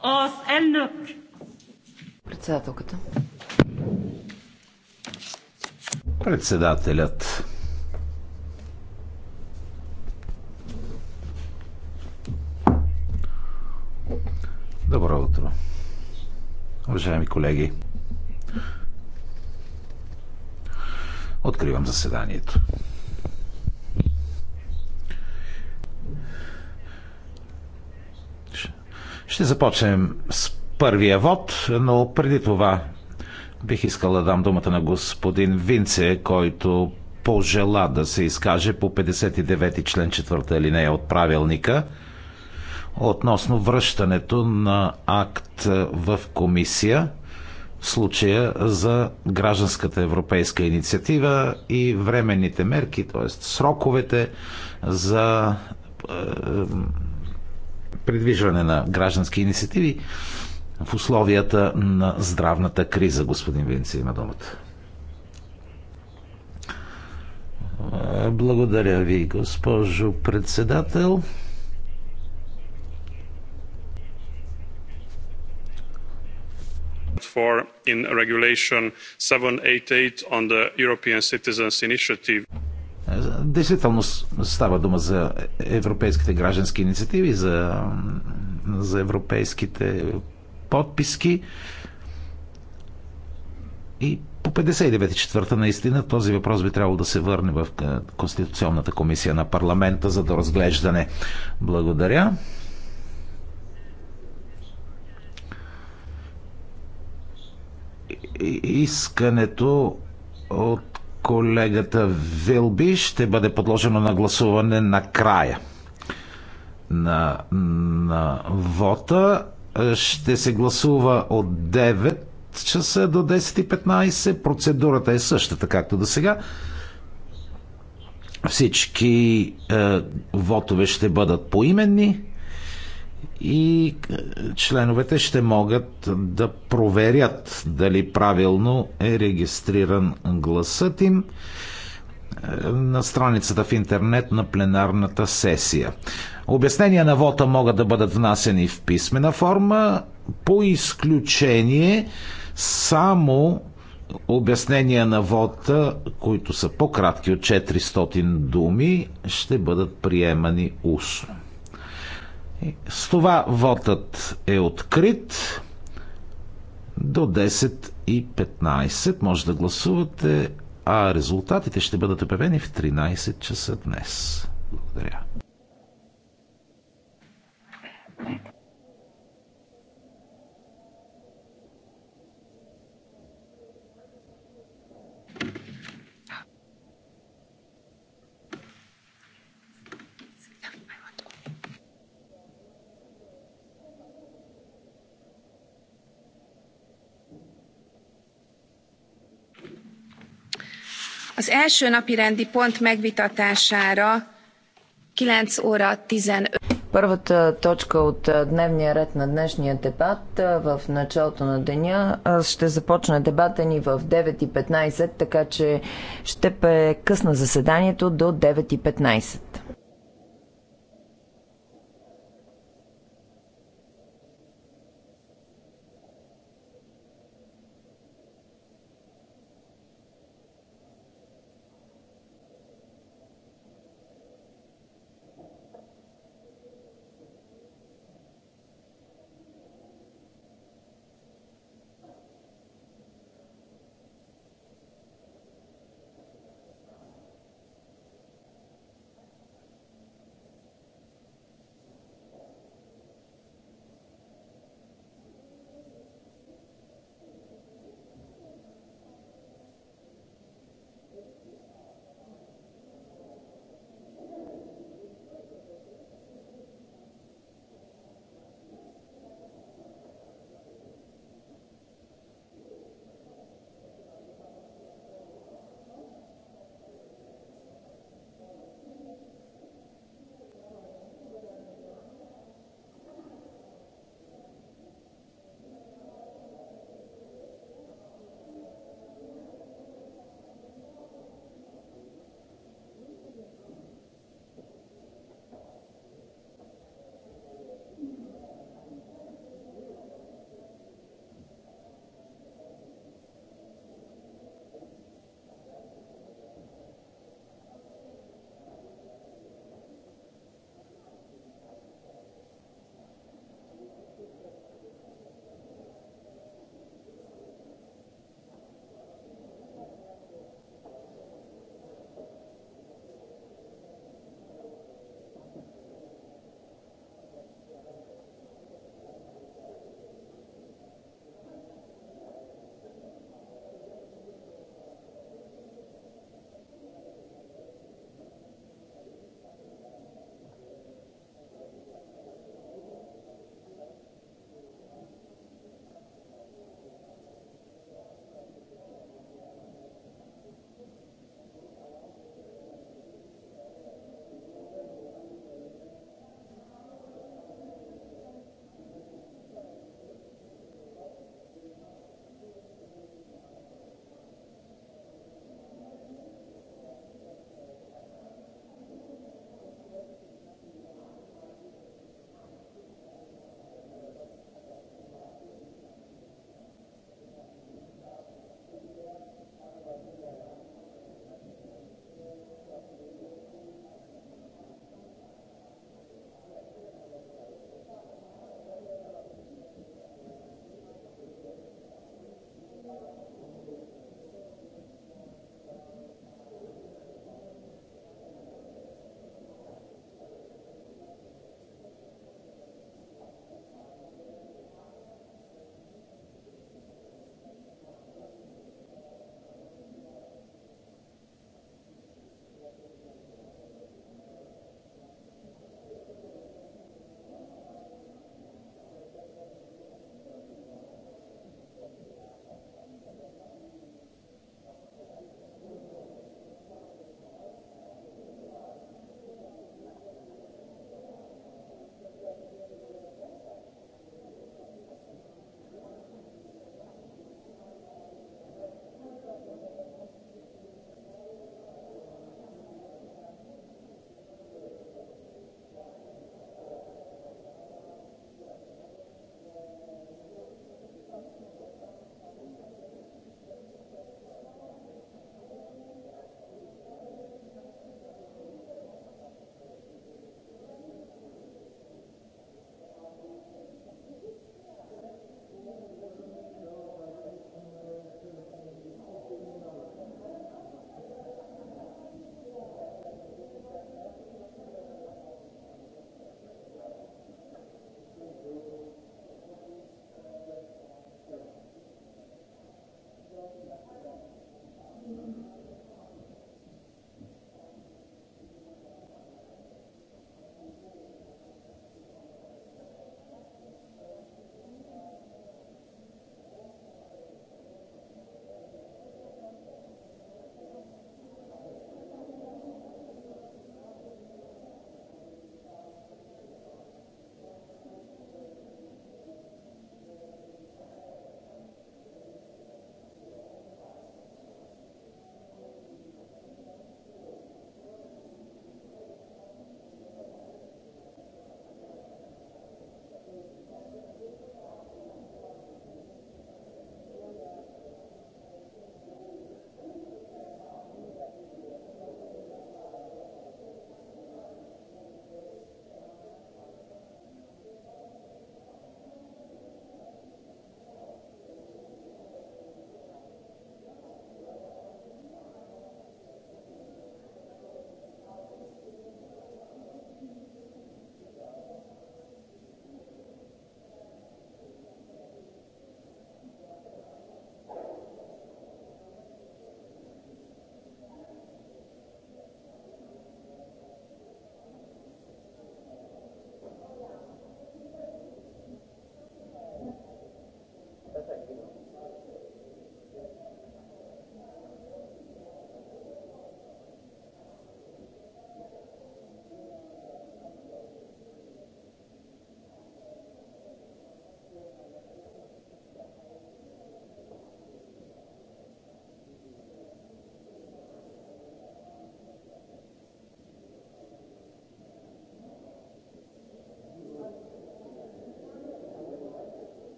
Az elnök. Председателката. Председателят. Добро утро. Уважаеми колеги, откривам заседанието. Ще започнем с първия вод, но преди това бих искал да дам думата на господин Винце, който пожела да се изкаже по 59 член 4 линия от правилника относно връщането на акт в комисия в случая за гражданската европейска инициатива и временните мерки, т.е. сроковете за е, придвижване на граждански инициативи в условията на здравната криза, господин Винци има думата. Благодаря ви, госпожо председател. for in regulation 788 on the European Citizens Initiative. Действително става дума за европейските граждански инициативи, за, за европейските подписки. И по 59-та наистина този въпрос би трябвало да се върне в е, Конституционната комисия на парламента за доразглеждане. Благодаря. Искането от колегата Вилби ще бъде подложено на гласуване на края на, на вота. Ще се гласува от 9 часа до 10.15. Процедурата е същата, както до сега. Всички е, вотове ще бъдат поименни и е, членовете ще могат да проверят дали правилно е регистриран гласът им е, на страницата в интернет на пленарната сесия. Обяснения на вота могат да бъдат внасени в писмена форма, по изключение само обяснения на вота, които са по-кратки от 400 думи, ще бъдат приемани устно. С това вотът е открит до 10 и 15. Може да гласувате, а резултатите ще бъдат обявени в 13 часа днес. Благодаря. az első napirendi pont megvitatására óra Първата точка от дневния ред на днешния дебат в началото на деня ще започне дебата ни в 9.15, така че ще е късна заседанието до 9.15.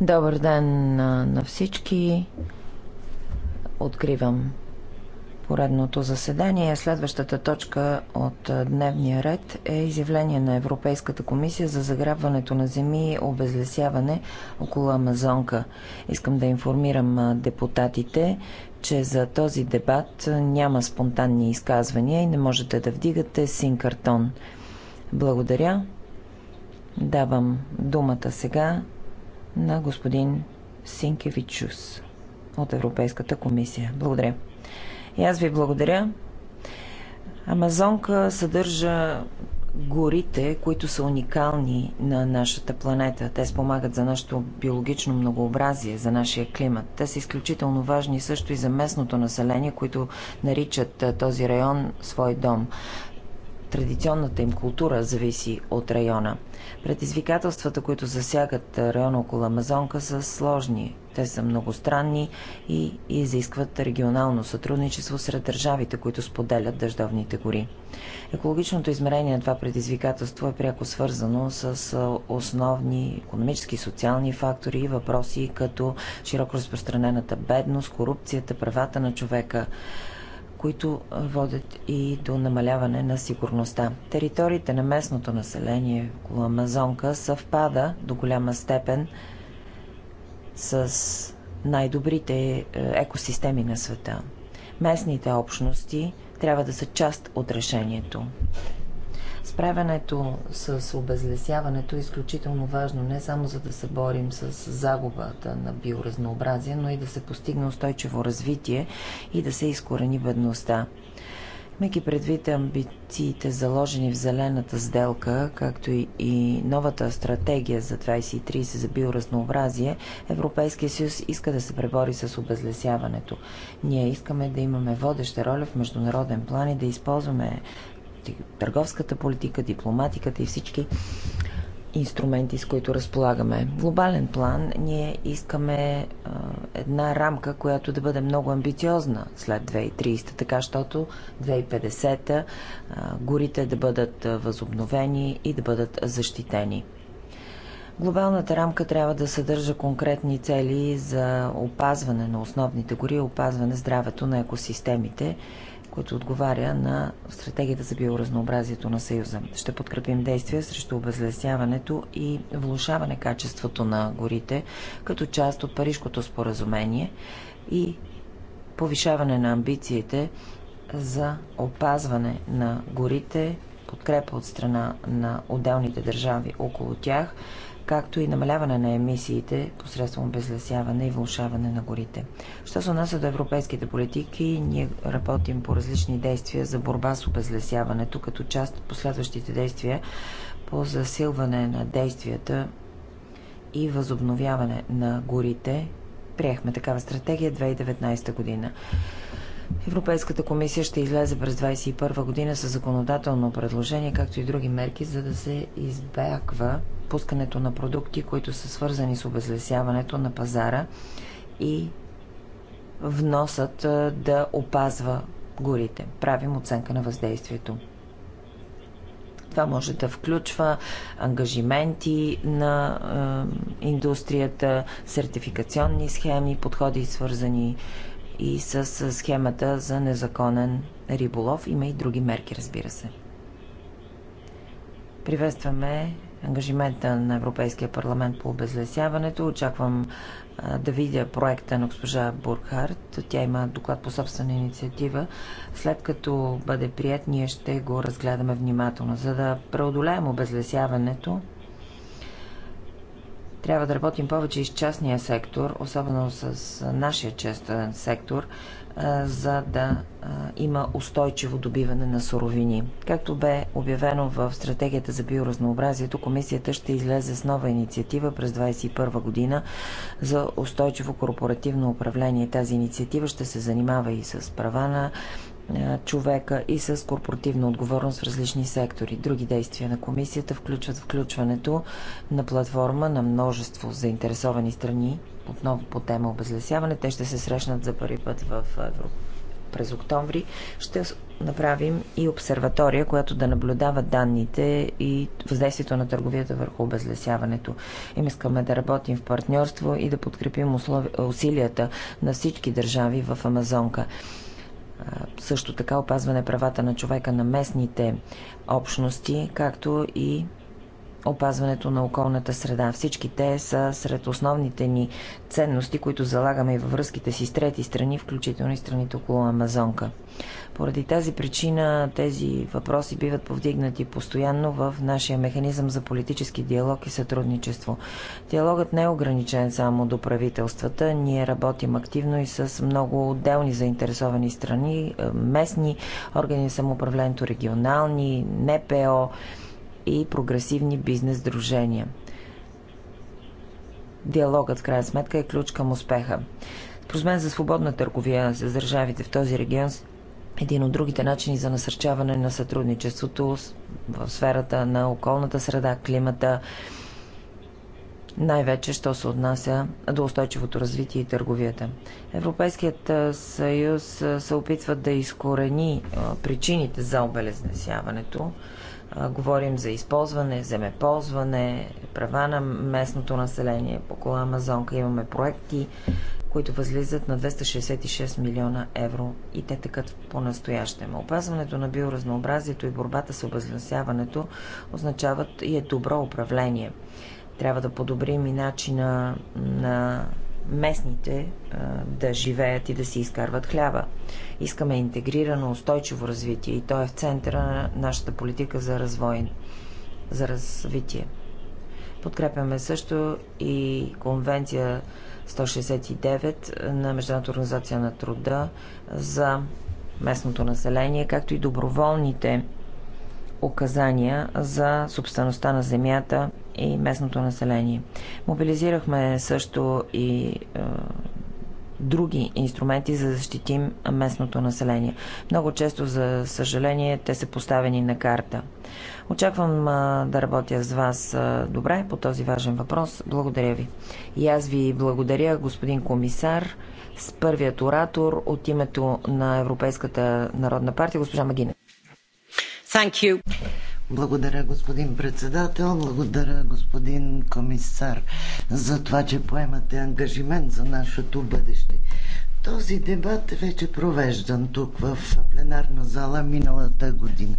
Добър ден на, на всички. Откривам поредното заседание. Следващата точка от дневния ред е изявление на Европейската комисия за заграбването на земи и обезлесяване около Амазонка. Искам да информирам депутатите, че за този дебат няма спонтанни изказвания и не можете да вдигате син картон. Благодаря. Давам думата сега на господин Синкевичус от Европейската комисия. Благодаря. И аз ви благодаря. Амазонка съдържа горите, които са уникални на нашата планета. Те спомагат за нашето биологично многообразие, за нашия климат. Те са изключително важни също и за местното население, които наричат този район свой дом традиционната им култура зависи от района. Предизвикателствата, които засягат района около Амазонка, са сложни. Те са многостранни и изискват регионално сътрудничество сред държавите, които споделят дъждовните гори. Екологичното измерение на това предизвикателство е пряко свързано с основни економически и социални фактори и въпроси като широко разпространената бедност, корупцията, правата на човека, които водят и до намаляване на сигурността. Териториите на местното население около Амазонка съвпада до голяма степен с най-добрите е, екосистеми на света. Местните общности трябва да са част от решението. Справянето с обезлесяването е изключително важно не само за да се борим с загубата на биоразнообразие, но и да се постигне устойчиво развитие и да се изкорени бедността. Меки предвид амбициите заложени в зелената сделка, както и новата стратегия за 2030 за биоразнообразие, Европейския съюз иска да се пребори с обезлесяването. Ние искаме да имаме водеща роля в международен план и да използваме търговската политика, дипломатиката и всички инструменти, с които разполагаме. В глобален план ние искаме а, една рамка, която да бъде много амбициозна след 2030, така щото 2050 та горите да бъдат възобновени и да бъдат защитени. Глобалната рамка трябва да съдържа конкретни цели за опазване на основните гори, опазване здравето на екосистемите който отговаря на Стратегията за биоразнообразието на Съюза. Ще подкрепим действия срещу обезлесяването и влушаване качеството на горите като част от Парижкото споразумение и повишаване на амбициите за опазване на горите подкрепа от страна на отделните държави около тях, както и намаляване на емисиите посредством обезлесяване и вълшаване на горите. Що се отнася до европейските политики, ние работим по различни действия за борба с обезлесяването, като част от последващите действия по засилване на действията и възобновяване на горите. Приехме такава стратегия 2019 година. Европейската комисия ще излезе през 2021 година с законодателно предложение, както и други мерки, за да се избягва пускането на продукти, които са свързани с обезлесяването на пазара и вносът да опазва горите. Правим оценка на въздействието. Това може да включва ангажименти на е, индустрията, сертификационни схеми, подходи свързани с и с схемата за незаконен риболов. Има и други мерки, разбира се. Приветстваме ангажимента на Европейския парламент по обезлесяването. Очаквам да видя проекта на госпожа Буркхарт. Тя има доклад по собствена инициатива. След като бъде прият, ние ще го разгледаме внимателно. За да преодолеем обезлесяването, трябва да работим повече и с частния сектор, особено с нашия частен сектор, за да има устойчиво добиване на суровини. Както бе обявено в Стратегията за биоразнообразието, комисията ще излезе с нова инициатива през 2021 година за устойчиво корпоративно управление. Тази инициатива ще се занимава и с права на е, човека и с корпоративна отговорност в различни сектори. Други действия на комисията включват включването на платформа на множество заинтересовани страни, отново по тема обезлесяване. Те ще се срещнат за първи път в Европа през октомври, ще направим и обсерватория, която да наблюдава данните и въздействието на търговията върху обезлесяването. Им искаме да работим в партньорство и да подкрепим условия, усилията на всички държави в Амазонка също така опазване правата на човека на местните общности, както и опазването на околната среда. Всички те са сред основните ни ценности, които залагаме и във връзките си с трети страни, включително и страните около Амазонка. Поради тази причина тези въпроси биват повдигнати постоянно в нашия механизъм за политически диалог и сътрудничество. Диалогът не е ограничен само до правителствата. Ние работим активно и с много отделни заинтересовани страни, местни органи на самоуправлението, регионални, НПО, и прогресивни бизнес дружения. Диалогът, в крайна сметка, е ключ към успеха. Според мен за свободна търговия с държавите в този регион един от другите начини за насърчаване на сътрудничеството в сферата на околната среда, климата, най-вече, що се отнася до устойчивото развитие и търговията. Европейският съюз се опитва да изкорени причините за обелезнесяването, Говорим за използване, земеползване, права на местното население. По кола Амазонка имаме проекти, които възлизат на 266 милиона евро и те тъкат по-настоящем. Опазването на биоразнообразието и борбата с обезлесяването означават и е добро управление. Трябва да подобрим и начина на местните да живеят и да си изкарват хляба. Искаме интегрирано, устойчиво развитие и то е в центъра на нашата политика за развой, за развитие. Подкрепяме също и конвенция 169 на Международната организация на труда за местното население, както и доброволните указания за собствеността на земята и местното население. Мобилизирахме също и е, други инструменти, за да защитим местното население. Много често, за съжаление, те са поставени на карта. Очаквам е, да работя с вас е, добре по този важен въпрос. Благодаря ви. И аз ви благодаря, господин комисар, с първият оратор от името на Европейската народна партия, госпожа Магина. Thank you. Благодаря, господин председател. Благодаря, господин комисар, за това, че поемате ангажимент за нашето бъдеще. Този дебат е вече провеждан тук в пленарна зала миналата година.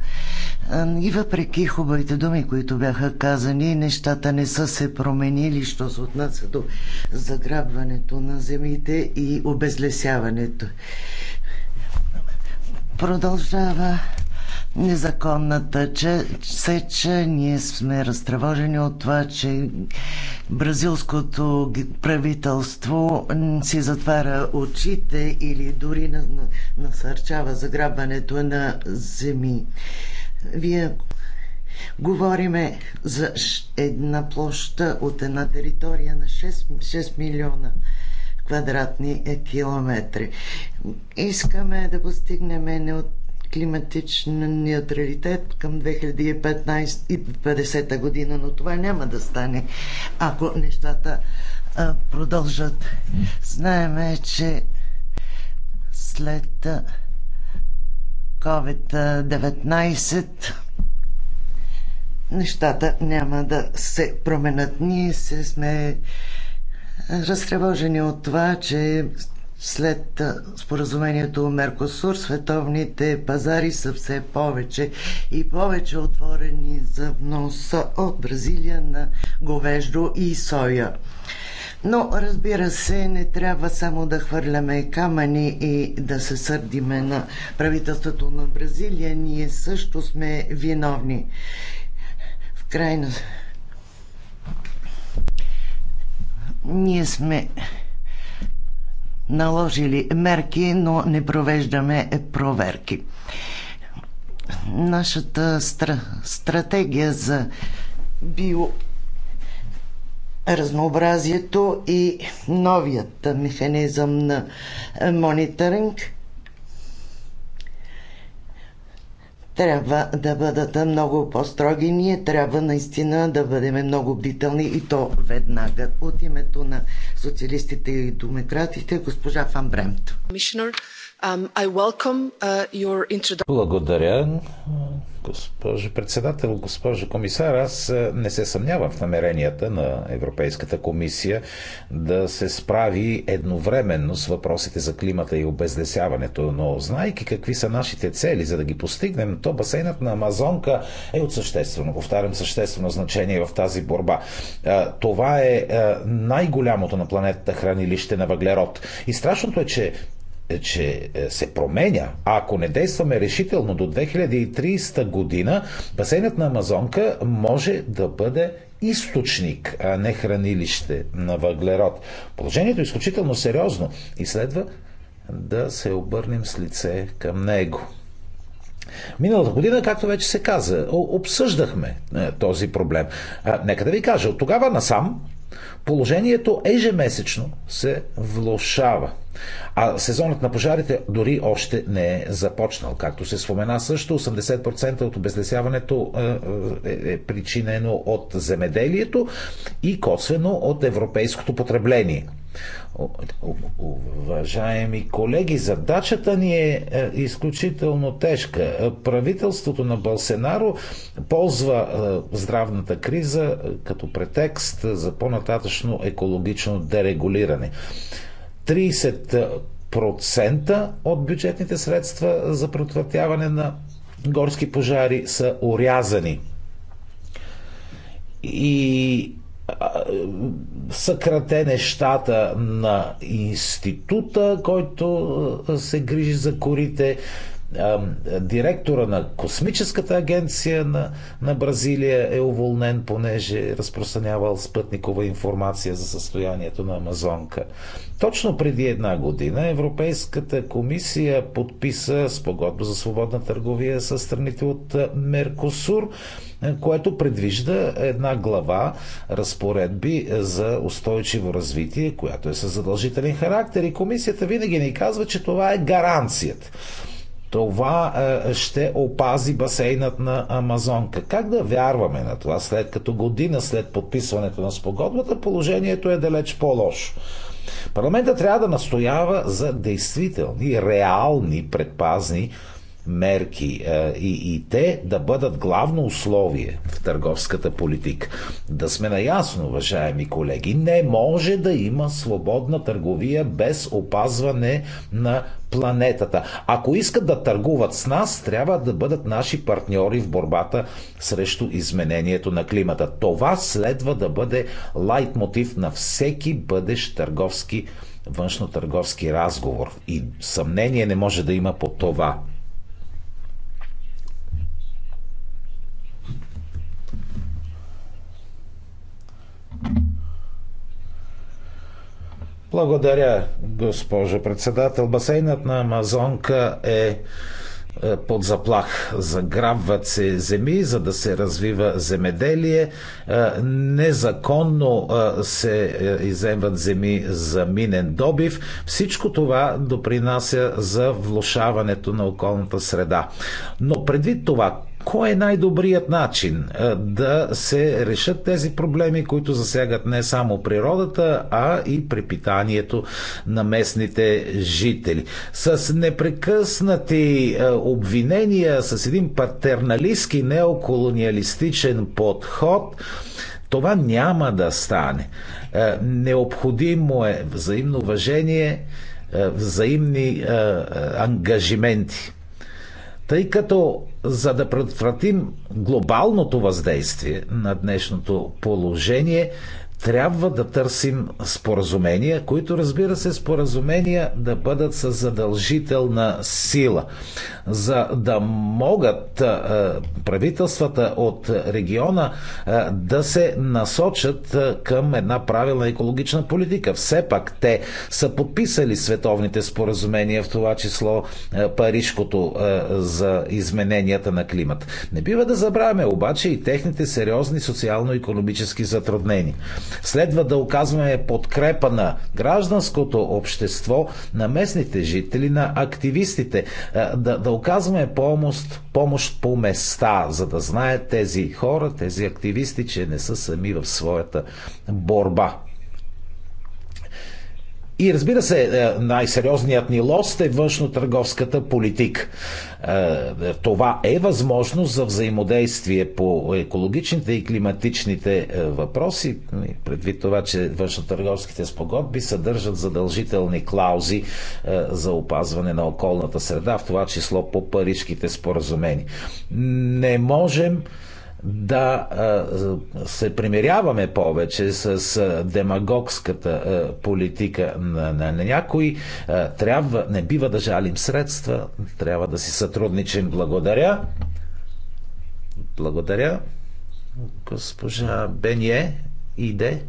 И въпреки хубавите думи, които бяха казани, нещата не са се променили, що се отнася до заграбването на земите и обезлесяването. Продължава незаконната сеч. Ние сме разтревожени от това, че бразилското правителство си затваря очите или дори насърчава заграбването на земи. Вие Говориме за една площа от една територия на 6, 6 милиона квадратни е, километри. Искаме да постигнем неот климатична неутралитет към 2015 2050 година, но това няма да стане, ако нещата а, продължат. Знаеме, че след COVID-19 нещата няма да се променят. Ние се сме разтревожени от това, че след споразумението Меркосур, световните пазари са все повече и повече отворени за внос от Бразилия на говеждо и соя. Но, разбира се, не трябва само да хвърляме камъни и да се сърдиме на правителството на Бразилия. Ние също сме виновни. В крайна... Ние сме наложили мерки, но не провеждаме проверки. Нашата стра... стратегия за био разнообразието и новият механизъм на мониторинг трябва да бъдат много по-строги. Ние трябва наистина да бъдем много бдителни и то веднага. От името на социалистите и демократите, госпожа Фан Бремт. Um, uh, Благодаря, госпожо председател, госпожо комисар. Аз е, не се съмнявам в намеренията на Европейската комисия да се справи едновременно с въпросите за климата и обезлесяването. Но знайки какви са нашите цели, за да ги постигнем, то басейнът на Амазонка е от съществено, повтарям, съществено значение в тази борба. Е, това е, е най-голямото на планетата хранилище на въглерод. И страшното е, че че е, се променя, а ако не действаме решително до 2030 година, басейнът на Амазонка може да бъде източник, а не хранилище на въглерод. Положението е изключително сериозно и следва да се обърнем с лице към него. Миналата година, както вече се каза, обсъждахме е, този проблем. Нека да ви кажа, от тогава насам Положението ежемесечно се влошава. А сезонът на пожарите дори още не е започнал. Както се спомена също, 80% от обезлесяването е, е, е причинено от земеделието и косвено от европейското потребление. Уважаеми колеги, задачата ни е, е изключително тежка. Правителството на Балсенаро ползва е, здравната криза е, като претекст за по-нататъчно екологично дерегулиране. 30% от бюджетните средства за предотвратяване на горски пожари са урязани. И съкрате нещата на института, който се грижи за корите, директора на космическата агенция на, на Бразилия е уволнен, понеже е разпространявал спътникова информация за състоянието на Амазонка. Точно преди една година Европейската комисия подписа спогодба за свободна търговия с страните от Меркосур което предвижда една глава разпоредби е, за устойчиво развитие, която е със задължителен характер. И комисията винаги ни казва, че това е гаранцията. Това е, ще опази басейнат на Амазонка. Как да вярваме на това, след като година след подписването на спогодбата, положението е далеч по-лошо? Парламента трябва да настоява за действителни, реални предпазни мерки и, и те да бъдат главно условие в търговската политика. Да сме наясно, уважаеми колеги, не може да има свободна търговия без опазване на планетата. Ако искат да търгуват с нас, трябва да бъдат наши партньори в борбата срещу изменението на климата. Това следва да бъде лайтмотив на всеки бъдещ търговски външно-търговски разговор. И съмнение не може да има по това. Благодаря, госпожо председател. Басейнът на Амазонка е, е под заплах. Заграбват се земи, за да се развива земеделие. Е, незаконно е, се иземват земи за минен добив. Всичко това допринася за влушаването на околната среда. Но предвид това, кой е най-добрият начин да се решат тези проблеми, които засягат не само природата, а и препитанието на местните жители? С непрекъснати обвинения, с един патерналистски неоколониалистичен подход, това няма да стане. Необходимо е взаимно уважение, взаимни ангажименти. Тъй като за да предотвратим глобалното въздействие на днешното положение, трябва да търсим споразумения, които разбира се споразумения да бъдат с задължителна сила, за да могат правителствата от региона да се насочат към една правилна екологична политика. Все пак те са подписали световните споразумения, в това число Парижкото за измененията на климат. Не бива да забравяме обаче и техните сериозни социално-економически затруднения. Следва да оказваме подкрепа на гражданското общество, на местните жители, на активистите, е, да, да оказваме помощ, помощ по места, за да знаят тези хора, тези активисти, че не са сами в своята борба. И разбира се, е, най-сериозният ни лост е външно-търговската политика. Е, е, това е възможност за взаимодействие по екологичните и климатичните въпроси, нали, предвид това, че външно-търговските спогодби съдържат задължителни клаузи за опазване на околната среда, в това число по парижките споразумения. Не можем да се примиряваме повече с демагогската политика на, на, на някой. Трябва, не бива да жалим средства, трябва да си сътрудничим. Благодаря. Благодаря. Госпожа Бенье, иде.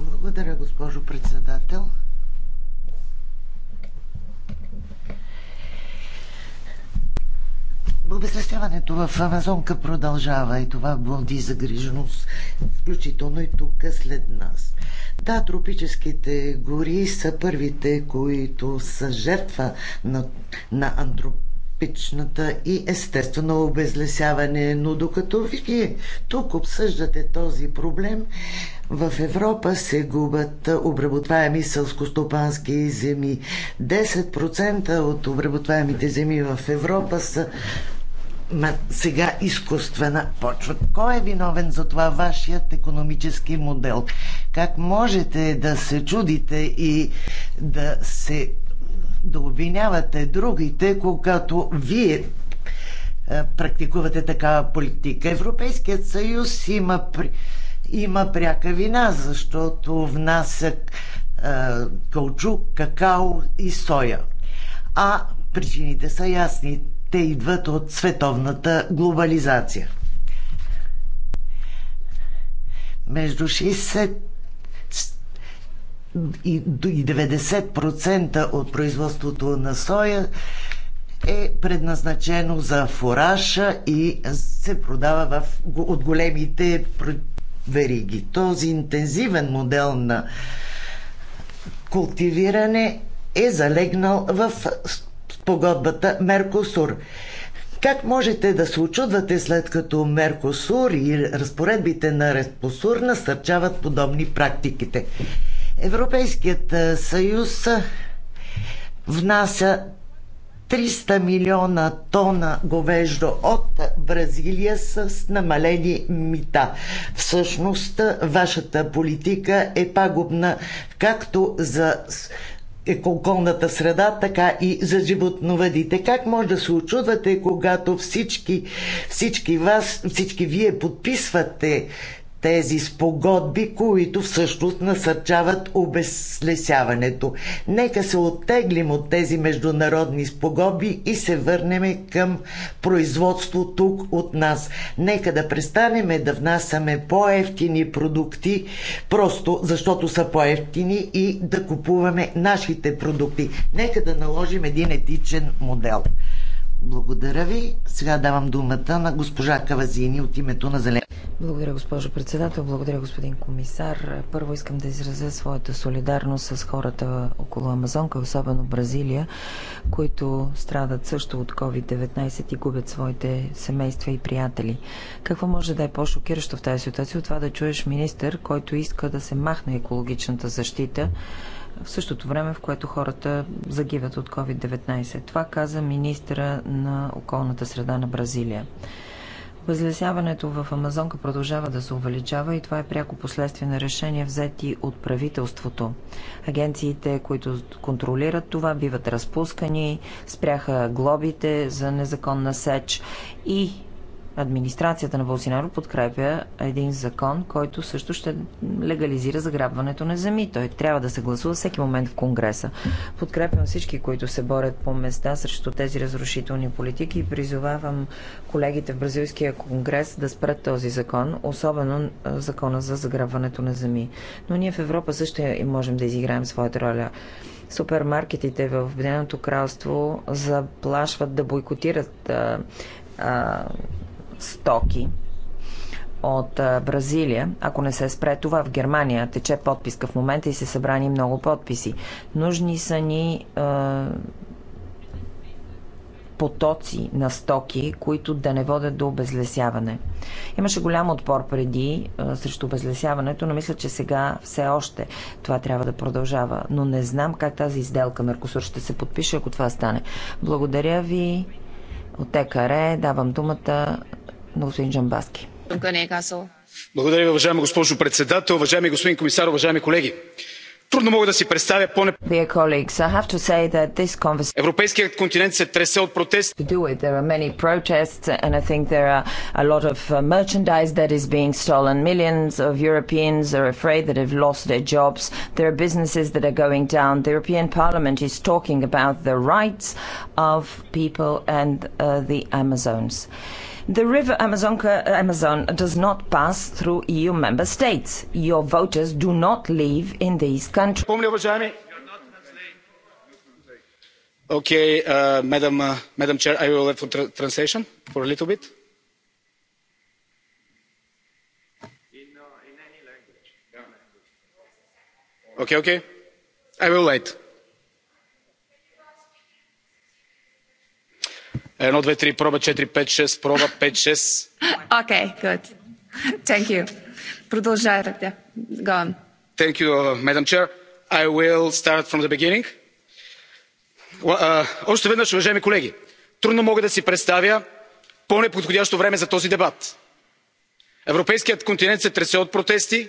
Благодаря, госпожо председател. Обезлесяването в Амазонка продължава и това блонди загриженост, включително и тук след нас. Да, тропическите гори са първите, които са жертва на, на антропичната и естествено обезлесяване, но докато вие тук обсъждате този проблем, в Европа се губят обработваеми сълскостопански земи. 10% от обработваемите земи в Европа са сега изкуствена почва. Кой е виновен за това? Вашият економически модел. Как можете да се чудите и да се да обвинявате другите, когато вие е, практикувате такава политика. Европейският съюз има, има пряка вина, защото внася е, каучук, какао и соя. А причините са ясни те идват от световната глобализация. Между 60 и 90% от производството на соя е предназначено за фораша и се продава в, от големите вериги. Този интензивен модел на култивиране е залегнал в спогодбата Меркосур. Как можете да се очудвате след като Меркосур и разпоредбите на Респосур насърчават подобни практиките? Европейският съюз внася 300 милиона тона говеждо от Бразилия с намалени мита. Всъщност, вашата политика е пагубна както за околната среда, така и за животновъдите. Как може да се очудвате, когато всички, всички, вас, всички вие подписвате тези спогодби, които всъщност насърчават обезлесяването. Нека се оттеглим от тези международни спогодби и се върнем към производство тук от нас. Нека да престанеме да внасяме по-ефтини продукти, просто защото са по-ефтини и да купуваме нашите продукти. Нека да наложим един етичен модел. Благодаря ви. Сега давам думата на госпожа Кавазини от името на Зелен. Благодаря, госпожо председател. Благодаря, господин комисар. Първо искам да изразя своята солидарност с хората около Амазонка, особено Бразилия, които страдат също от COVID-19 и губят своите семейства и приятели. Какво може да е по-шокиращо в тази ситуация от това да чуеш министър, който иска да се махне екологичната защита в същото време, в което хората загиват от COVID-19. Това каза министра на околната среда на Бразилия. Възлесяването в Амазонка продължава да се увеличава и това е пряко последствие на решения взети от правителството. Агенциите, които контролират това, биват разпускани, спряха глобите за незаконна сеч и Администрацията на Болсинаро подкрепя един закон, който също ще легализира заграбването на земи. Той трябва да се гласува всеки момент в Конгреса. Подкрепям всички, които се борят по места срещу тези разрушителни политики и призовавам колегите в Бразилския конгрес да спрат този закон, особено закона за заграбването на земи. Но ние в Европа също можем да изиграем своята роля супермаркетите в Обединеното кралство заплашват да бойкотират а, а, стоки от Бразилия. Ако не се спре това в Германия, тече подписка в момента и се събрани много подписи. Нужни са ни е, потоци на стоки, които да не водят до обезлесяване. Имаше голям отпор преди е, срещу обезлесяването, но мисля, че сега все още това трябва да продължава. Но не знам как тази изделка Меркосур ще се подпише, ако това стане. Благодаря ви. От ЕКАРЕ давам думата на господин Джамбаски. Е Благодаря ви, уважаема госпожо председател. Уважаеми господин комисар, уважаеми колеги! Трудно мога да си представя по conversation... Европейският континент се тресе от протест. There are a lot of of merchandise that that is being stolen. Millions Europeans are are afraid lost their jobs. There businesses that are going down. The European Parliament is talking about the rights of people and uh, the Amazons. The river Amazonka, Amazon does not pass through EU member states. Your voters do not live in these countries. Okay, uh, Madam, uh, Madam Chair, I will wait for tra- translation for a little bit. Okay, okay. I will wait. Едно, две, три, проба, четири, пет, шест, проба, пет, шест. Окей, good. Thank you. Продължавайте. Go on. Thank you, uh, Madam Chair. I will start from the beginning. Uh, още веднъж, уважаеми колеги, трудно мога да си представя по-неподходящо време за този дебат. Европейският континент се тресе от протести,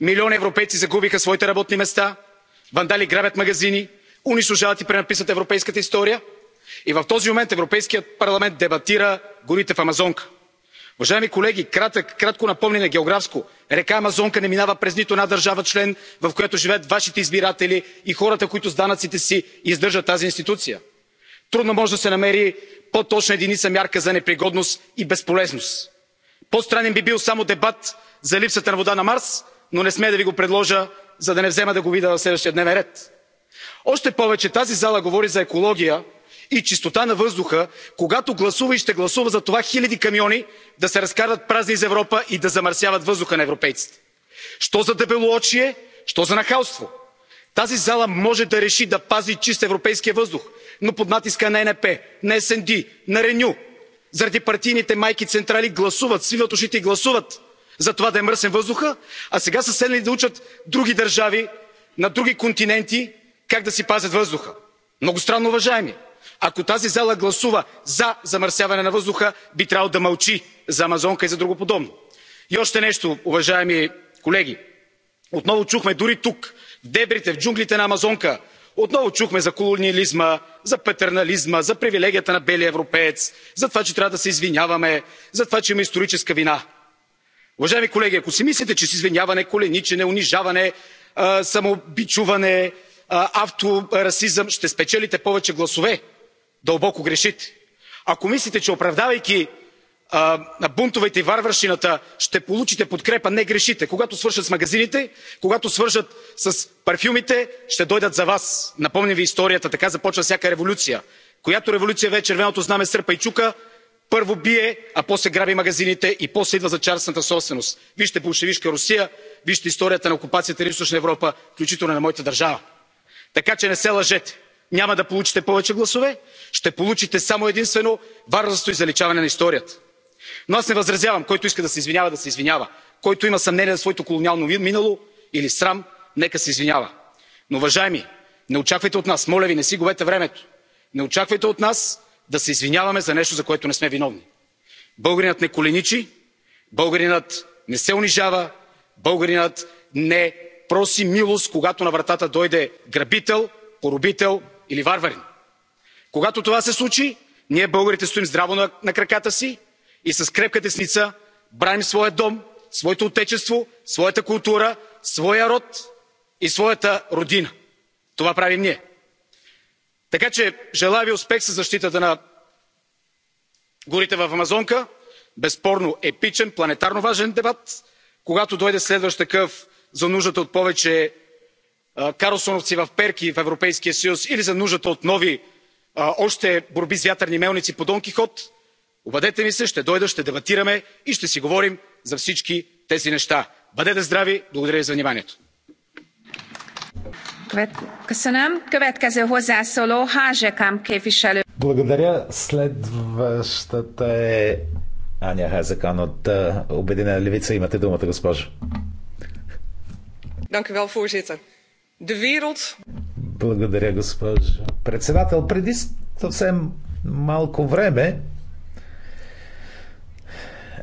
милиони европейци загубиха своите работни места, вандали грабят магазини, унищожават и пренаписват европейската история – и в този момент европейският парламент дебатира горите в амазонка. уважаеми колеги кратко напомняне географско река амазонка не минава през нито една държава член в която живеят вашите избиратели и хората които с данъците си издържат тази институция. трудно може да се намери по точна единица мярка за непригодност и безполезност. по странен би бил само дебат за липсата на вода на марс но не смея да ви го предложа за да не взема да го видя в следващия дневен ред. още повече тази зала говори за екология и чистота на въздуха когато гласува и ще гласува за това хиляди камиони да се разкарват празни из европа и да замърсяват въздуха на европейците. що за дебелоочие що за нахалство! тази зала може да реши да пази чист европейския въздух но под натиска на енп на СНД, на реню заради партийните майки централи гласуват свиват ушите и гласуват за това да е мръсен въздухът а сега са седнали да учат други държави на други континенти как да си пазят въздуха. много странно уважаеми! ако тази зала гласува за замърсяване на въздуха би трябвало да мълчи за амазонка и за друго подобно. и още нещо уважаеми колеги отново чухме дори тук в дебрите в джунглите на амазонка отново чухме за колониализма за патернализма за привилегията на белия европеец за това че трябва да се извиняваме за това че има историческа вина. уважаеми колеги ако си мислите че с извиняване коленичене унижаване самобичуване авторасизъм ще спечелите повече гласове. дълбоко грешите! ако мислите че оправдавайки бунтовете и варварщината ще получите подкрепа не грешите. когато свършат с магазините когато свършат с парфюмите ще дойдат за вас. напомням ви историята така започва всяка революция. която революция вече червеното знаме сърпа и чука първо бие а после граби магазините и после идва за частната собственост. вижте болшевишка русия вижте историята на окупацията на източна европа включително и на моята държава така че не се лъжете няма да получите повече гласове ще получите само и единствено варварство и заличаване на историята. но аз не възразявам който иска да се извинява да се извинява който има съмнение за своето колониално минало или срам нека се извинява. но уважаеми не очаквайте от нас моля ви не си губете времето не очаквайте от нас да се извиняваме за нещо за което не сме виновни. българинът не коленичи българинът не се унижава българинът не проси милост когато на вратата дойде грабител поробител или варварин. когато това се случи ние българите стоим здраво на краката си и с крепка десница браним своя дом своето отечество своята култура своя род и своята родина. това правим ние. така че желая ви успех със защитата на горите в амазонка. безспорно епичен планетарно важен дебат. когато дойде следващ такъв за нуждата от повече карлсоновци в перки в европейския съюз или за нуждата от нови още борби с вятърни мелници по дон кихот обадете ми се ще дойда ще дебатираме и ще си говорим за всички тези неща. бъдете здрави! благодаря ви за вниманието. Благодаря. Следващата е Аня Хазакан от Обединена левица. Имате думата, госпожо. Благодаря, госпожо председател. Преди съвсем малко време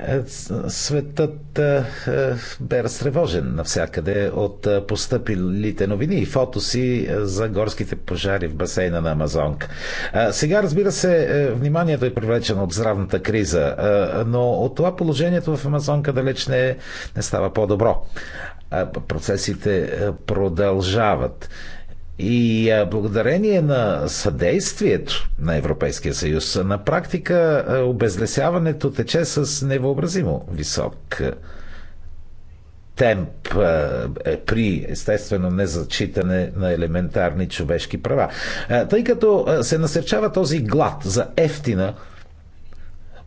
е, Светът е, е, бе разтревожен навсякъде от постъпилите новини и фото си за горските пожари в басейна на Амазонка. Сега, разбира се, вниманието е привлечено от здравната криза, но от това положението в Амазонка далеч не, не става по-добро процесите продължават. И благодарение на съдействието на Европейския съюз, на практика обезлесяването тече с невъобразимо висок темп е, при естествено незачитане на елементарни човешки права. Тъй като се насърчава този глад за ефтина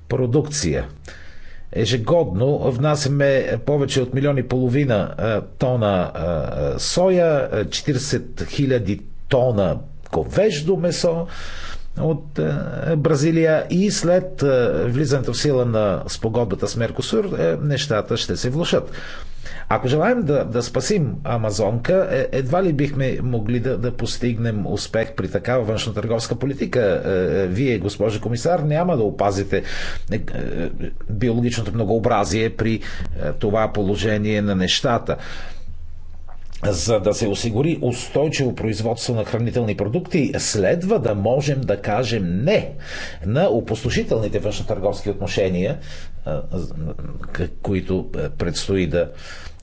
продукция. Ежегодно внасяме повече от милиони и половина тона соя, 40 хиляди тона ковеждо месо от Бразилия и след влизането в сила на спогодбата с Меркосур е, нещата ще се влушат. Ако желаем да, да спасим Амазонка, е, едва ли бихме могли да, да постигнем успех при такава външно-търговска политика. Е, е, вие, госпожа комисар, няма да опазите биологичното многообразие при това положение на нещата за да се осигури устойчиво производство на хранителни продукти, следва да можем да кажем не на опустошителните външно-търговски отношения, които предстои да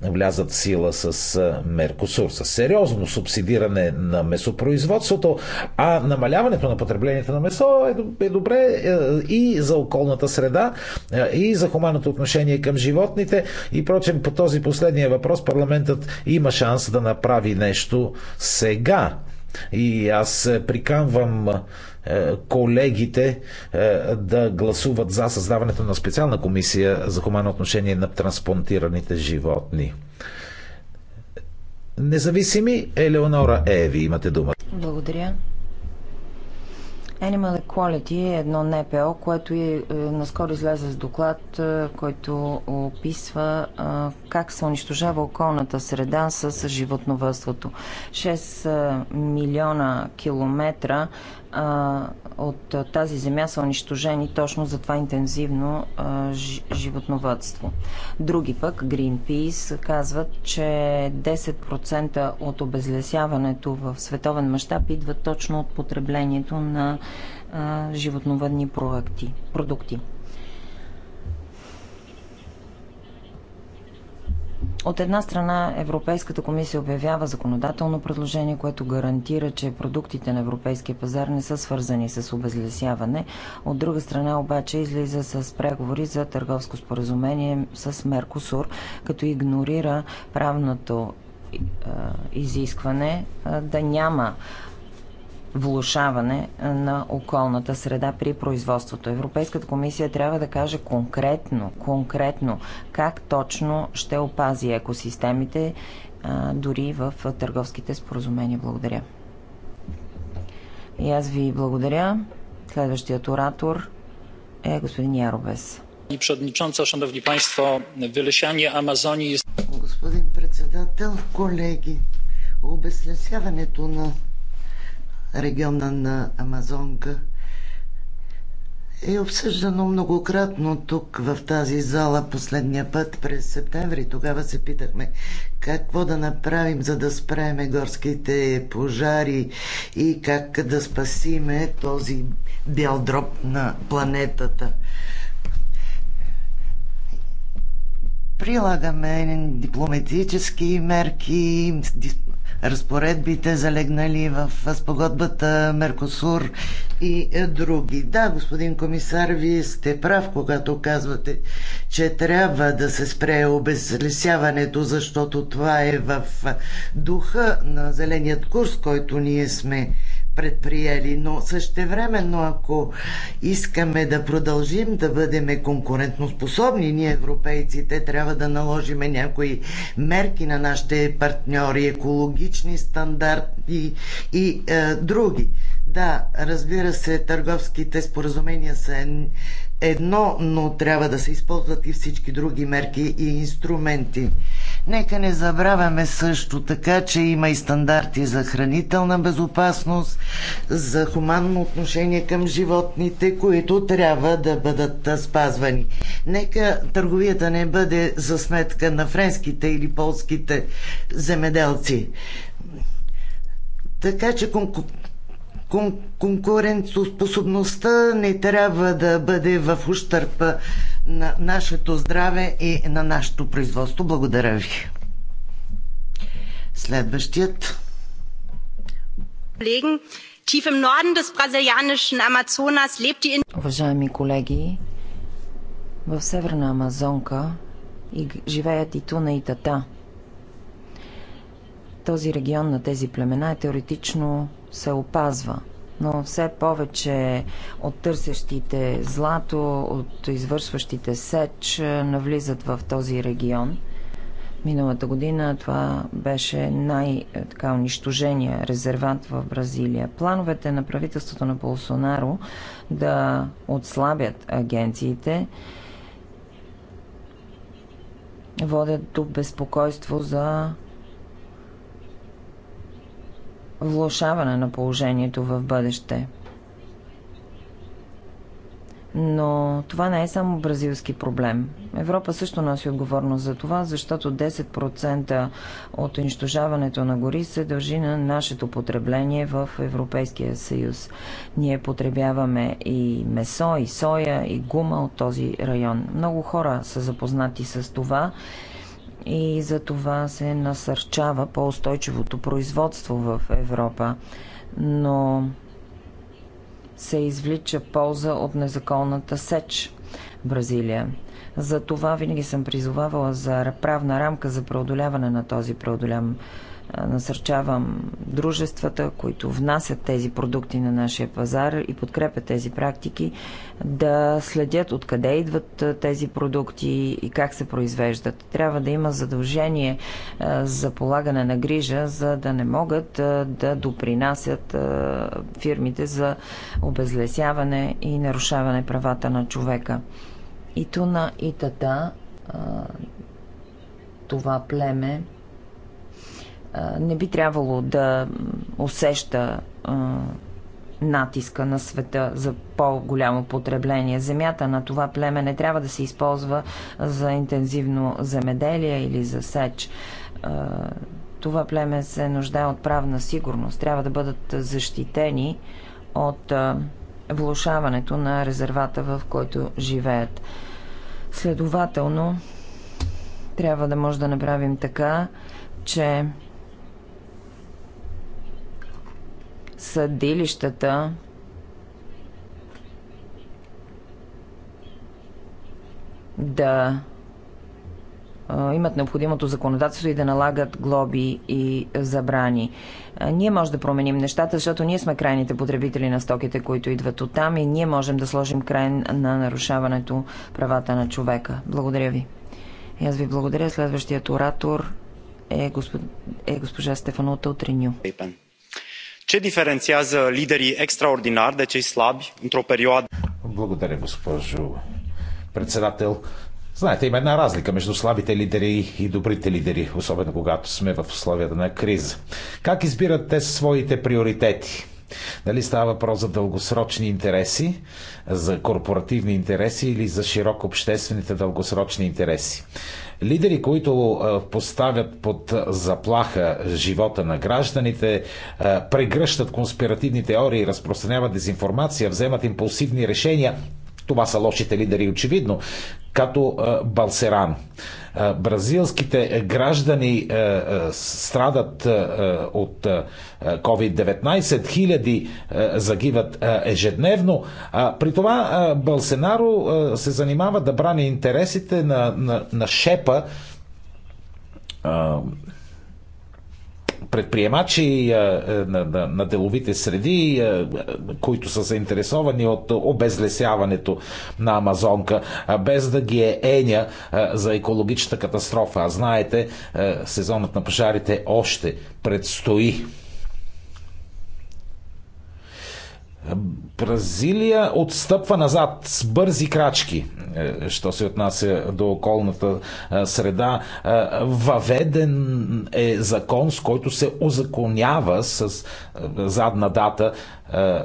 влязат в сила с Меркосур, с сериозно субсидиране на месопроизводството, а намаляването на потреблението на месо е, е добре е, и за околната среда, е, и за хуманното отношение към животните. И прочем, по този последния въпрос парламентът има шанс да направи нещо сега. И аз е, приканвам е, колегите е, да гласуват за създаването на специална комисия за хуманно отношение на трансплантираните животни. Независими Елеонора Еви, имате дума. Благодаря. Animal Equality е едно НПО, което е, е, наскоро излезе с доклад, е, който описва е, как се унищожава околната среда с животновътството. 6 милиона километра а, от тази земя са унищожени точно за това интензивно а, животновътство. Други пък, Greenpeace, казват, че 10% от обезлесяването в световен мащаб идва точно от потреблението на а, животновъдни проекти, продукти. От една страна Европейската комисия обявява законодателно предложение, което гарантира, че продуктите на европейския пазар не са свързани с обезлесяване. От друга страна обаче излиза с преговори за търговско споразумение с Меркосур, като игнорира правното изискване да няма влушаване на околната среда при производството. Европейската комисия трябва да каже конкретно, конкретно как точно ще опази екосистемите а, дори в търговските споразумения. Благодаря. И аз ви благодаря. Следващият оратор е господин Яробес. Господин председател, колеги, обезлесяването на региона на Амазонка е обсъждано многократно тук в тази зала последния път през септември. Тогава се питахме какво да направим, за да спреме горските пожари и как да спасиме този бял дроб на планетата. Прилагаме дипломатически мерки, разпоредбите, залегнали в спогодбата Меркосур и е, други. Да, господин комисар, вие сте прав, когато казвате, че трябва да се спре обезлесяването, защото това е в духа на зеленият курс, който ние сме предприели, но същевременно, ако искаме да продължим да бъдем конкурентоспособни, ние европейците трябва да наложим някои мерки на нашите партньори, екологични стандарти и е, други. Да, разбира се, търговските споразумения са едно, но трябва да се използват и всички други мерки и инструменти. Нека не забравяме също така, че има и стандарти за хранителна безопасност, за хуманно отношение към животните, които трябва да бъдат спазвани. Нека търговията не бъде за сметка на френските или полските земеделци. Така че конкурентоспособността не трябва да бъде в ущърпа на нашето здраве и на нашето производство. Благодаря ви. Следващият. Уважаеми колеги, в северна Амазонка и живеят и туна и тата. Този регион на тези племена теоретично се опазва – но все повече от търсещите злато, от извършващите сеч е, навлизат в този регион. Миналата година това беше най-унищожения е, резерват в Бразилия. Плановете на правителството на Болсонаро да отслабят агенциите водят до безпокойство за влушаване на положението в бъдеще. Но това не е само бразилски проблем. Европа също носи отговорност за това, защото 10% от унищожаването на гори се дължи на нашето потребление в Европейския съюз. Ние потребяваме и месо, и соя, и гума от този район. Много хора са запознати с това и за това се насърчава по-устойчивото производство в Европа, но се извлича полза от незаконната сеч в Бразилия. За това винаги съм призовавала за правна рамка за преодоляване на този преодолям е, насърчавам дружествата, които внасят тези продукти на нашия пазар и подкрепят тези практики, да следят откъде идват е, тези продукти и как се произвеждат. Трябва да има задължение е, за полагане на грижа, за да не могат да допринасят фирмите за обезлесяване и нарушаване правата на човека. И Туна, и Тата, това племе, не би трябвало да усеща натиска на света за по-голямо потребление. Земята на това племе не трябва да се използва за интензивно земеделие или за сеч. Това племе се нуждае от правна сигурност. Трябва да бъдат защитени от влушаването на резервата, в който живеят. Следователно, трябва да може да направим така, че съдилищата да имат необходимото законодателство и да налагат глоби и забрани. Ние може да променим нещата, защото ние сме крайните потребители на стоките, които идват от там и ние можем да сложим край на нарушаването правата на човека. Благодаря ви. И аз ви благодаря. Следващият оратор е, госп... е госпожа Стефанута от Реню. Ce diferențiază liderii extraordinari de cei slabi într-o perioadă? Благодаря, госпожо председател. Знаете, има една разлика между слабите лидери и добрите лидери, особено когато сме в условията на криза. Как избират те своите приоритети? Дали става въпрос за дългосрочни интереси, за корпоративни интереси или за широко обществените дългосрочни интереси? Лидери, които поставят под заплаха живота на гражданите, прегръщат конспиративни теории, разпространяват дезинформация, вземат импулсивни решения това са лошите лидери, очевидно, като е, Балсеран. Е, бразилските граждани е, страдат от COVID-19, хиляди загиват ежедневно. При това Балсенаро се занимава да брани интересите на, на, на шепа предприемачи е, е, на, на, на деловите среди, е, които са заинтересовани от обезлесяването на Амазонка, без да ги е еня за екологичната катастрофа. А знаете, сезонът на пожарите още предстои. Бразилия отстъпва назад с бързи крачки, е, що се отнася до околната е, среда. Е, въведен е закон, с който се озаконява с задна дата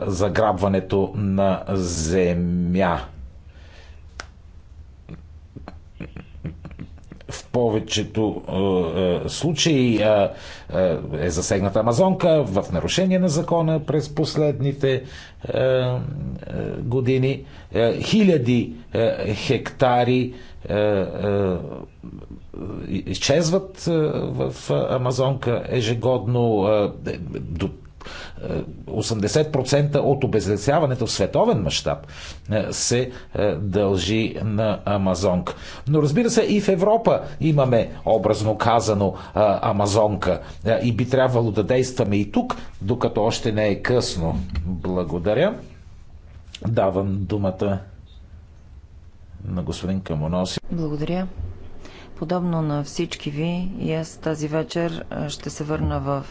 заграбването на земя. повечето е, е случаи е, е, е засегната Амазонка в нарушение на закона през последните е, е, години. Е, хиляди е, хектари е, е, изчезват е, в Амазонка ежегодно. До 80% от обезлесяването в световен мащаб е, се е, дължи на Амазонка. Но разбира се, и в Европа имаме, образно казано, е, Амазонка и би трябвало да действаме и тук, докато още не е късно. Благодаря. Давам думата на господин Камоноси. Благодаря. Подобно на всички ви, и аз тази вечер ще се върна в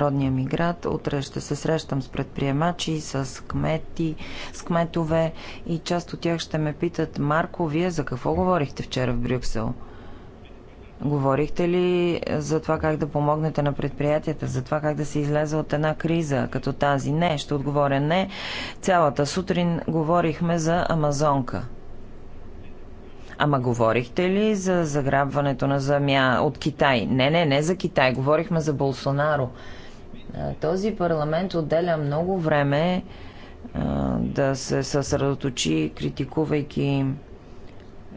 родния ми град. Утре ще се срещам с предприемачи, с кмети, с кметове и част от тях ще ме питат Марко, вие за какво говорихте вчера в Брюксел? Говорихте ли за това как да помогнете на предприятията, за това как да се излезе от една криза като тази? Не, ще отговоря не. Цялата сутрин говорихме за Амазонка. Ама говорихте ли за заграбването на земя от Китай? Не, не, не за Китай. Говорихме за Болсонаро. Този парламент отделя много време да се съсредоточи, критикувайки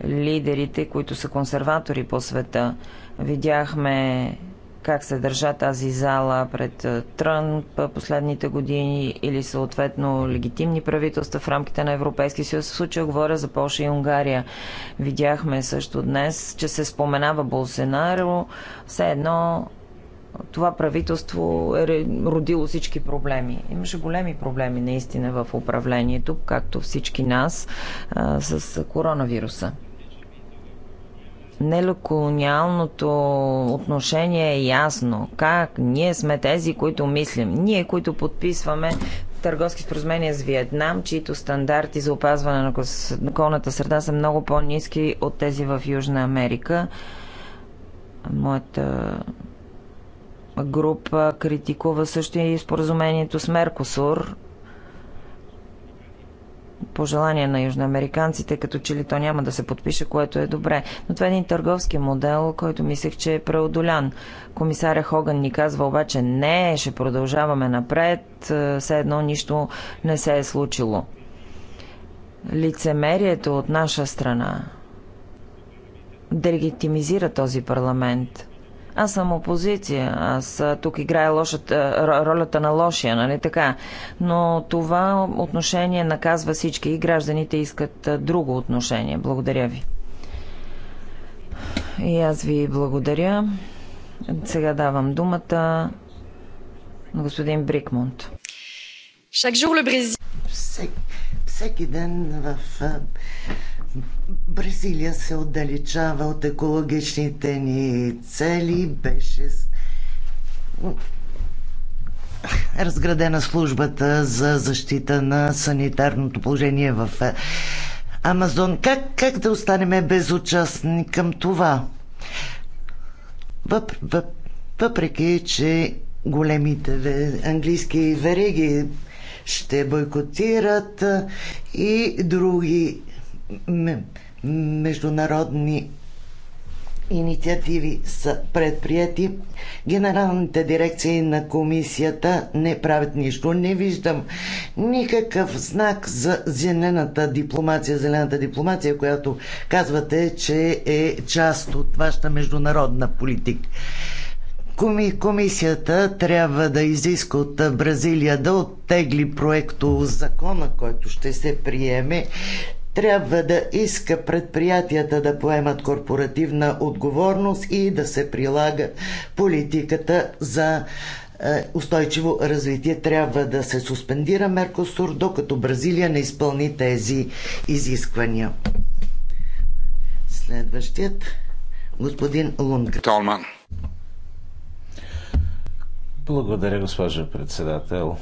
лидерите, които са консерватори по света. Видяхме как се държа тази зала пред е, Тръмп е, последните години или съответно легитимни правителства в рамките на Европейски съюз. В случая говоря за Польша и Унгария. Видяхме също днес, че се споменава Болсенаро. Все едно това правителство е родило всички проблеми. Имаше големи проблеми наистина в управлението, както всички нас, с коронавируса нелоколониалното отношение е ясно. Как ние сме тези, които мислим. Ние, които подписваме търговски споразумения с Виетнам, чието стандарти за опазване на околната среда са много по-низки от тези в Южна Америка. Моята група критикува също и споразумението с Меркосур, пожелание на южноамериканците, като че ли то няма да се подпише, което е добре. Но това е един търговски модел, който мислех, че е преодолян. Комисаря Хоган ни казва обаче не, ще продължаваме напред, е, все едно нищо не се е случило. Лицемерието от наша страна делегитимизира този парламент – аз съм опозиция, аз тук играя лошата, ролята на лошия, нали така? Но това отношение наказва всички и гражданите искат друго отношение. Благодаря ви. И аз ви благодаря. Сега давам думата на господин Брикмунд. Всеки ден в Бразилия се отдалечава от екологичните ни цели. Беше разградена службата за защита на санитарното положение в е, Амазон. Как, как да останем безучастни към това? Въп, въп, въпреки, че големите английски вериги ще бойкотират е, и други международни инициативи са предприяти. Генералните дирекции на комисията не правят нищо. Не виждам никакъв знак за зелената дипломация, зелената дипломация, която казвате, че е част от вашата международна политика. Комисията трябва да изиска от Бразилия да оттегли проекто закона, който ще се приеме трябва да иска предприятията да поемат корпоративна отговорност и да се прилага политиката за е, устойчиво развитие. Трябва да се суспендира Меркосур, докато Бразилия не изпълни тези изисквания. Следващият господин Лунг. Толман. Благодаря, госпожо председател.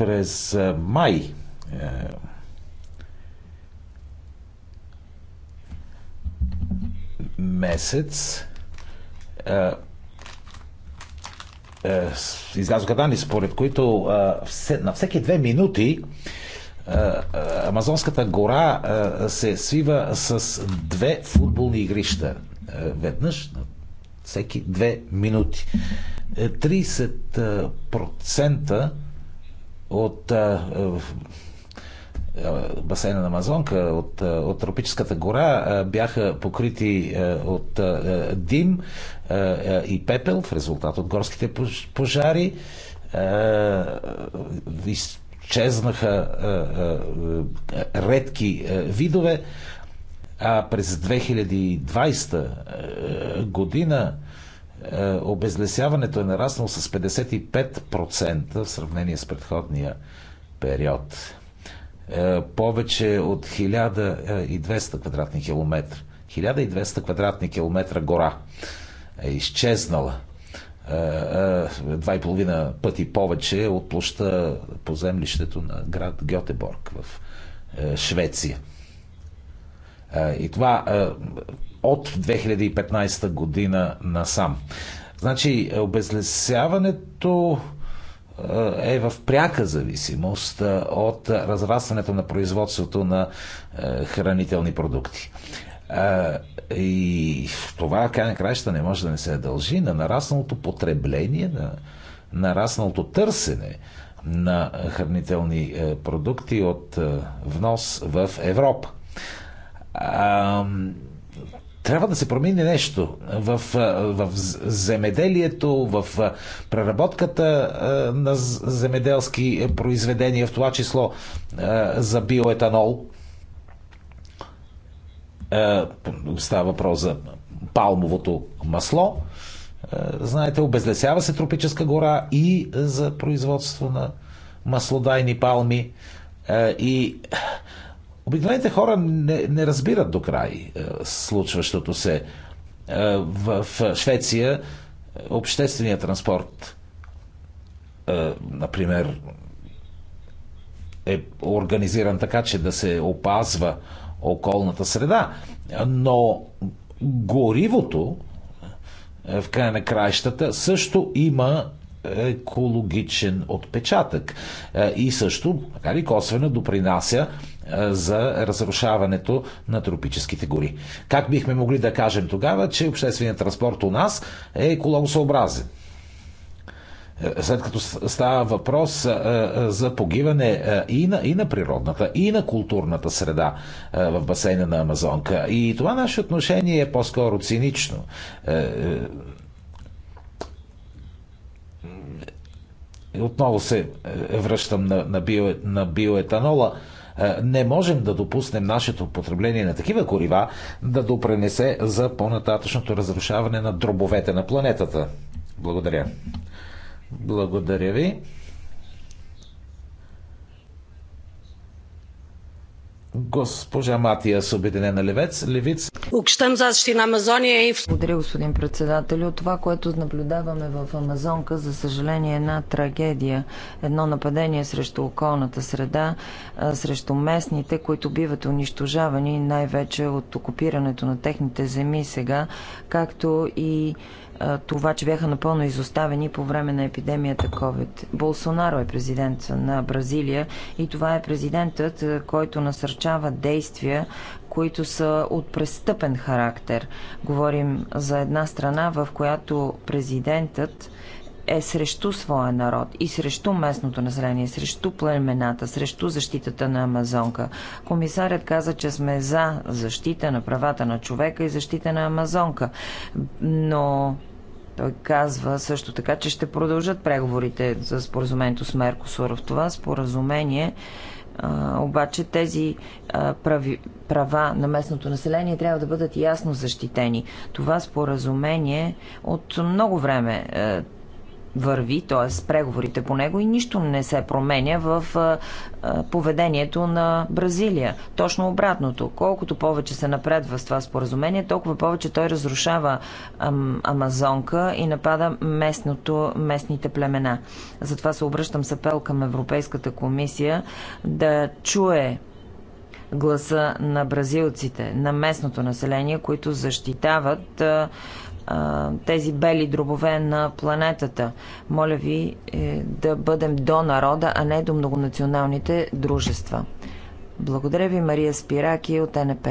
През май е, месец е, излязоха данни, според които на всеки две минути Амазонската гора се свива с две футболни игрища. Е, веднъж на всеки две минути. 30% от е, е, басейна на Амазонка, от, е, от тропическата гора, бяха покрити от дим и пепел в резултат от горските пожари. Изчезнаха редки видове, а през 2020 година е, обезлесяването е нараснало с 55% в сравнение с предходния период. Е, повече от 1200 квадратни километра. 1200 квадратни километра гора е изчезнала. 2,5 е, пъти повече от площа по землището на град Гьотеборг в Швеция. И това от 2015 година насам. Значи, обезлесяването е в пряка зависимост от разрастването на производството на хранителни продукти. И това, край на краища, не може да не се дължи на нарасналото потребление, на нарасналото търсене на хранителни продукти от внос в Европа а, трябва да се промени нещо в, в земеделието, в преработката на земеделски произведения, в това число за биоетанол. Става въпрос за палмовото масло. Знаете, обезлесява се тропическа гора и за производство на маслодайни палми. И Обикновените хора не, не разбират до край е, случващото се. Е, в, в Швеция е, общественият транспорт, например, е организиран така, че да се опазва околната среда, но горивото в края на краищата също има екологичен отпечатък и също, така ли косвено, допринася за разрушаването на тропическите гори. Как бихме могли да кажем тогава, че общественият транспорт у нас е екологосъобразен? Е, след като става въпрос за погиване и на, и на природната, и на културната среда в басейна на Амазонка. И това наше отношение е по-скоро цинично. Е, е, отново се връщам на, на, био, на биоетанола. Е, не можем да допуснем нашето потребление на такива корива да допренесе за по-нататъчното разрушаване на дробовете на планетата. Благодаря. Благодаря ви. Госпожа Матия с Обединена Левец. Левиц. Благодаря, господин председател. От Това, което наблюдаваме в Амазонка, за съжаление, е една трагедия. Едно нападение срещу околната среда, срещу местните, които биват унищожавани най-вече от окупирането на техните земи сега, както и това, че бяха напълно изоставени по време на епидемията COVID. Болсонаро е президент на Бразилия и това е президентът, който насърчава действия, които са от престъпен характер. Говорим за една страна, в която президентът е срещу своя народ и срещу местното население, срещу племената, срещу защитата на Амазонка. Комисарят каза, че сме за защита на правата на човека и защита на Амазонка, но той казва също така, че ще продължат преговорите за споразумението с Меркосур. В това споразумение а, обаче тези а, прави, права на местното население трябва да бъдат ясно защитени. Това споразумение от много време а, е, върви, т.е. преговорите по него и нищо не се променя в поведението на Бразилия. Точно обратното. Колкото повече се напредва с това споразумение, толкова повече той разрушава Амазонка и напада местното, местните племена. Затова се обръщам с апел към Европейската комисия да чуе гласа на бразилците, на местното население, които защитават тези бели дробове на планетата. Моля ви е, да бъдем до народа, а не до многонационалните дружества. Благодаря ви, Мария Спираки от НП.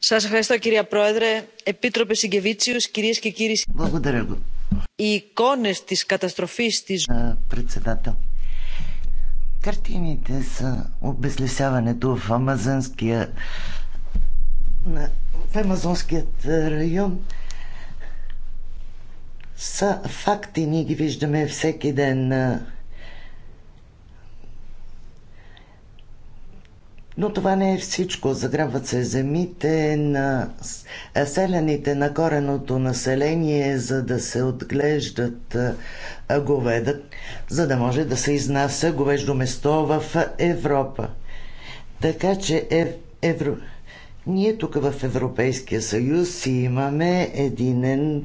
Σας ευχαριστώ κυρία Πρόεδρε, Επίτροπε Συγκεβίτσιους, κυρίες και κύριοι. Благодаря. Οι εικόνες της καταστροφής της... Председател. Картините са обезлесяването в Амазонския в Амазонският е, район са факти. Ние ги виждаме всеки ден. Но това не е всичко. Заграбват се земите на селяните на кореното население, за да се отглеждат говеда, за да може да се изнася говеждо место в Европа. Така че е, евро... ние тук в Европейския съюз имаме единен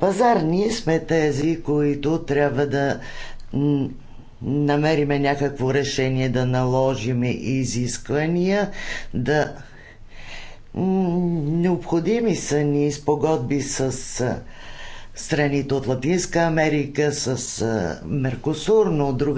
пазар. Ние сме тези, които трябва да намериме някакво решение, да наложиме изисквания, да необходими са ни спогодби с страните от Латинска Америка, с Меркосур, но от друга